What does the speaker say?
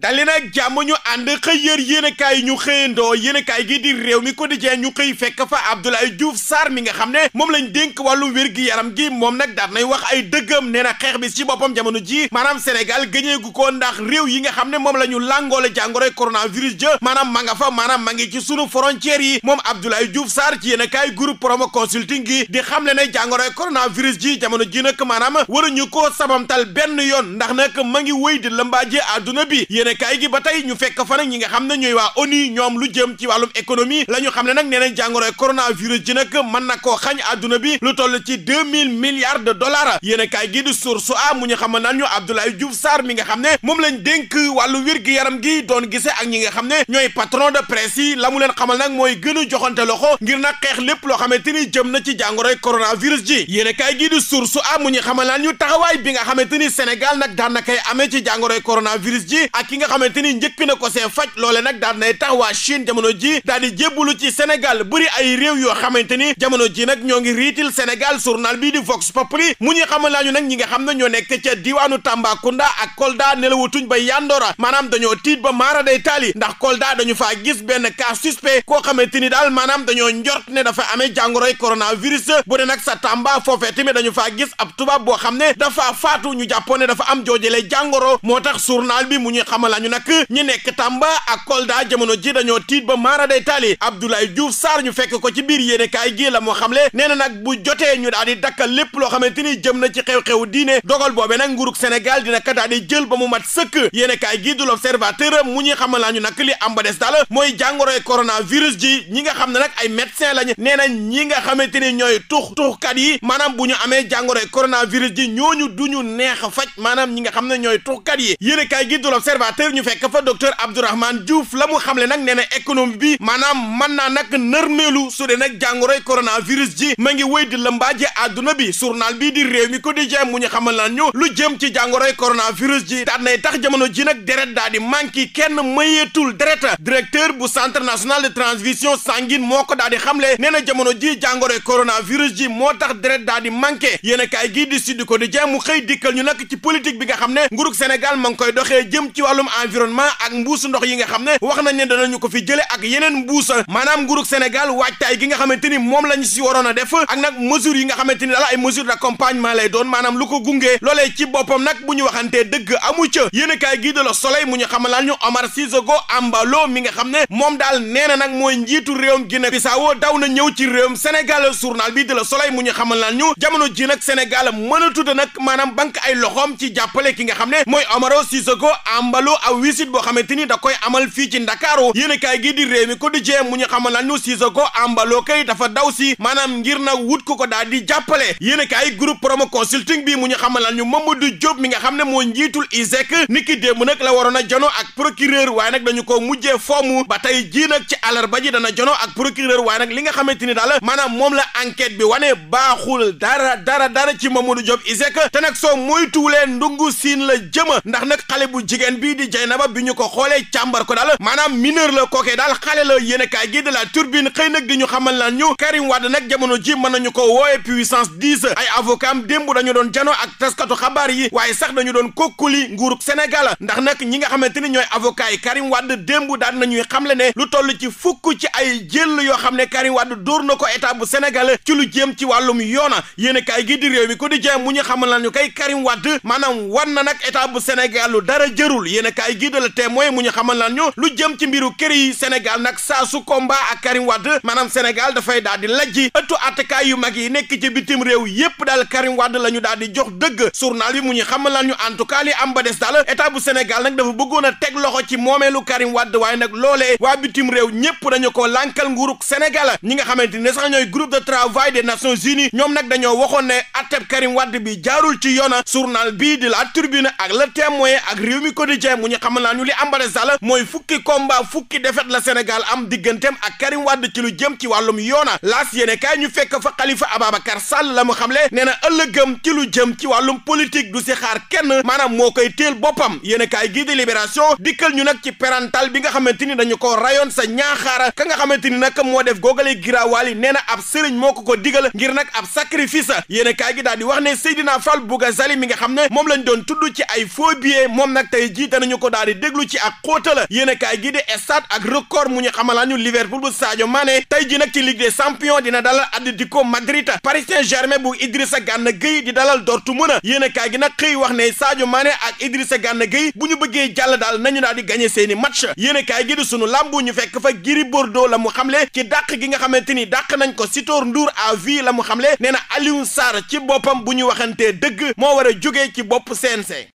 dali nag jàmm ñu ànd xëy yër yéenekaay ñu xëyandoo yéenekaay gi di réew mi quotidien ñu xëy fekk fa Abdoulaye Diouf Sarr mi nga xam ne moom lañ dénk wallu wér gi yaram gi moom nag daat nay wax ay dëggam nee na xeex bi si boppam jamono ji maanaam Sénégal gëñeegu ko ndax réew yi nga xam ne moom la ñu làngoole jàngoroy coronavirus jë maanaam ma nga fa maanaam ma ngi ci sunu frontières yi moom Abdoulaye Diouf Sarr ci yéenekaay groupe promo consulting gi di xam le ne jàngoroy coronavirus ji jamono ji nag maanaam waruñu ko sabamtal benn yoon ndax nag ma ngi wéy di lëmbaaje àdduna bi yéene kaay gi ba tey ñu fekk fa nag ñi nga xam ne ñooy waa ONU ñoom lu jëm ci wàllum économie la ñu xam ne nag nee nañ jàngoroy coronavirus ji nag mën na koo xañ àdduna bi lu toll ci deux mille milliards de dollars yéene kaay gi di source a mu ñu xamal naan ñu Abdoulaye Diouf Sarr mi nga xam ne moom lañ dénk wàllu wér gi yaram gi doon gisee ak ñi nga xam ne ñooy patron de presse yi la mu leen xamal nag mooy gën a joxante loxo ngir na xeex lépp loo xamante ni jëm na ci jàngoroy coronavirus ji yéene kaay gi di source a mu ñu xamal naan ñu taxawaay bi nga xamante ni Sénégal na koy amee ci jàngoroy coronavirus ji ak nga xamante ni njëkk na ko see faj loole nag daal nay tax waa Chine jamono daal di jébbalu ci Sénégal bëri ay réew yoo xamante ni jamono ji nag ñoo ngi riitil Sénégal journal bii di Vox Populi mu ñu xamal laa ñu nag ñi nga xam ne ñoo nekk ca diwaanu Tambacounda ak Kolda nelawutuñ ba yandoora maanaam dañoo tiit ba maara day taali ndax Kolda dañu faa gis benn cas suspect koo xamante ni daal maanaam dañoo njort ne dafa amee jàngoroy coronavirus bu ne nag sa Tamba foofee tamit dañu faa gis ab tubaab boo xam ne dafa faatu ñu jàppoo ne dafa am joojale jàngoro moo tax journal bi mu ñu xamal waxuma lañu nag ñi nekk Tamba ak Kolda jamono ji dañoo tiit ba maara day taali Abdoulaye Diouf saar ñu fekk ko ci biir yéene kaay gi la moo xam le nee na nag bu jotee ñu daal di dakkal lépp loo xamante ni jëm na ci xew xew diine dogal boobee nag nguurug Sénégal dina ka daal jël ba mu mat sëkk yéene kaay gi du l'Observateur mu ñuy xamal lañu nag li am ba des daal mooy jàngoroy ji ñi nga xam ne nag ay médecin lañ nee na ñi nga xamante ni ñooy tux tuxkat yi maanaam bu ñu amee jàngoroy coronavirus ji ñooñu ñu neex faj maanaam ñi nga xam ne ñooy tuxkat yi yéene kaay gi du l'Observateur l'observateur ñu fekk fa docteur Abdourahmane Diouf la mu xamle nag nee na économie bi maanaam mën naa nag nërmeelu su dee nag jàngoroy coronavirus ji ma ngi wéy di lëmbaaje àdduna bi journal bii di réew mi quotidien mu ñu xamal naan ñu lu jëm ci jàngoroy coronavirus ji daat nay tax jamono ji nag deret daa di manqué kenn mayeetul deret directeur bu centre national de transfusion sanguine moo ko daa di xamle nee na jamono ji jàngoroy coronavirus ji moo tax deret daa di manqué yéen kaay gii di Sud Quotidien mu xëy dikkal ñu nag ci politique bi nga xam ne nguurug Sénégal ma ngi koy doxee jëm ci wàllum environnement ak mbuusu ndox yi nga xam ne wax nañ ne ñu ko fi jële ak yeneen mbuusa maanaam nguurug Sénégal waajtaay gi nga xamante ni moom la si waroon a def ak nag mesures yi nga xamante ni daal ay mesures d'accompagnement lay doon maanaam lu ko gunge loolee ci boppam nag bu ñu waxantee dëgg amu ca yéenekaay gi de Le Soleil mu ñu xamalaan ñu Omar Cissokho Embalo mi nga xam ne moom daal nee na nag mooy njiitu réewum Guinée Bissau daw na ñëw ci réewum Sénégal journal bi de Le Soleil mu ñu xamalaan ñu jamono ji nag Sénégal mën a tudd nag maanaam banque ay loxoom ci jàppale ki nga xam ne mooy Omaro Cissokho Embalo aw visite boo xamante ni da koy amal fii ci ndakaaru yéenekaay gi di réew mi ko di jee mu ñu xamal lan ñu Sisoko Embalo kay dafa daw si maanaam ngir nag wut ko ko daal di jàppale yéenekaay groupe promo consulting bi mu ñu xamal lan ñu Mamadou Diop mi nga xam ne moo njiitul ISEC niki démb nag la waroon a jono ak procureur waaye nag dañu ko mujjee foomu ba tey jii nag ci àllarba ji dana jono ak procureur waaye nag li nga xamante ni daal maanaam moom la enquête bi wane baaxul dara dara dara ci Mamadou Diop ISEC te nag soo moytuwulee ndungu siin la jëma ndax nag xale bu jigéen bii di di Jaynaba bi ñu ko xoolee càmbar ko daal maanaam mineur la kookee daal xale la yéen kaay gi de la turbine xëy nag di ñu xamal lan ñu Karim Wade nag jamono ji mën nañu ko wooye puissance dix ay avocat am démb dañu doon jano ak taskatu xabaar yi waaye sax dañu doon kokkuli nguurug Sénégal ndax nag ñi nga xamante ni ñooy avocat yi Karim Wade démb daan nañuy xamle ne lu toll ci fukk ci ay jël yoo xam ne Karim wadd dóor na ko état bu Sénégal ci lu jëm ci wàllum yoona yéen kaay gi di réew mi ko di jeex mu ñu xamal lan ñu kay Karim Wade maanaam wan na nag état bu Sénégal lu dara jërul yéen yéen kaay gii de la témoin mu ñu xamal lan ñu lu jëm ci mbiru kër yi Sénégal nag saa su combat ak Karim Wade maanaam Sénégal dafay daal di lajji ëttu attakaay yu mag yi nekk ci bitim réew yépp daal Karim Wade la ñu daal di jox dëgg journal bi mu ñu xamal lan ñu en tout cas li am ba des daal état bu Sénégal nag dafa bëggoon a teg loxo ci moomeelu Karim Wade waaye nag loolee waa bitim réew ñëpp dañu ko lànkal nguuruk Sénégal ñi nga xamante ne sax ñooy groupe de travail des Nations Unies ñoom nag dañoo waxoon ne atteb Karim Wade bi jaarul ci yoona journal bii di la tribune ak le témoin ak mu ñu xamal naa ñu li ambare sàll mooy fukki combat fukki défaite la Sénégal am digganteem ak Karim Wade ci lu jëm ci wàllum yoona laas yéene kaay ñu fekk fa Khalifa Ababacar Sall la mu xamle nee na ëllëgëm ci lu jëm ci wàllum politique du si xaar kenn maanaam moo koy teel boppam yéene kaay gii di libération dikkal ñu nag ci parental bi nga xamante ni dañu ko rayoon sa ñaaxaara ka nga xamante ni nag moo def googalee giraawaal yi nee na ab sëriñ moo ko ko digal ngir nag ab sacrifice yéene kaay gi daal di wax ne Seydina Fall Bouga Sali mi nga xam ne moom lañ doon tudd ci ay faux billets moom nag ñu ko daal di déglu ci ak xóota la yéen kaay gi di stade ak record mu ñu xamalaa ñu Liverpool bu Sadio maane tey ji nag ci Ligue des champions dina dalal Atlético Madrid Paris Saint-Germain bu sa Gana Gueye di dalal Dortmund yéen a kaay gi nag xëy wax ne Sadio maane ak Idrissa Gana Gueye bu ñu bëggee jàll daal nañu daal di gagné seeni match yéen a kaay gi di sunu làmbu ñu fekk fa Giri Bordeaux la mu xamle ci dàq gi nga xamante ni dàq nañ ko Sitor Ndour à vie la mu xamle nee na Alioune Sarr ci boppam bu ñu waxantee dëgg moo war a jógee ci bopp CNG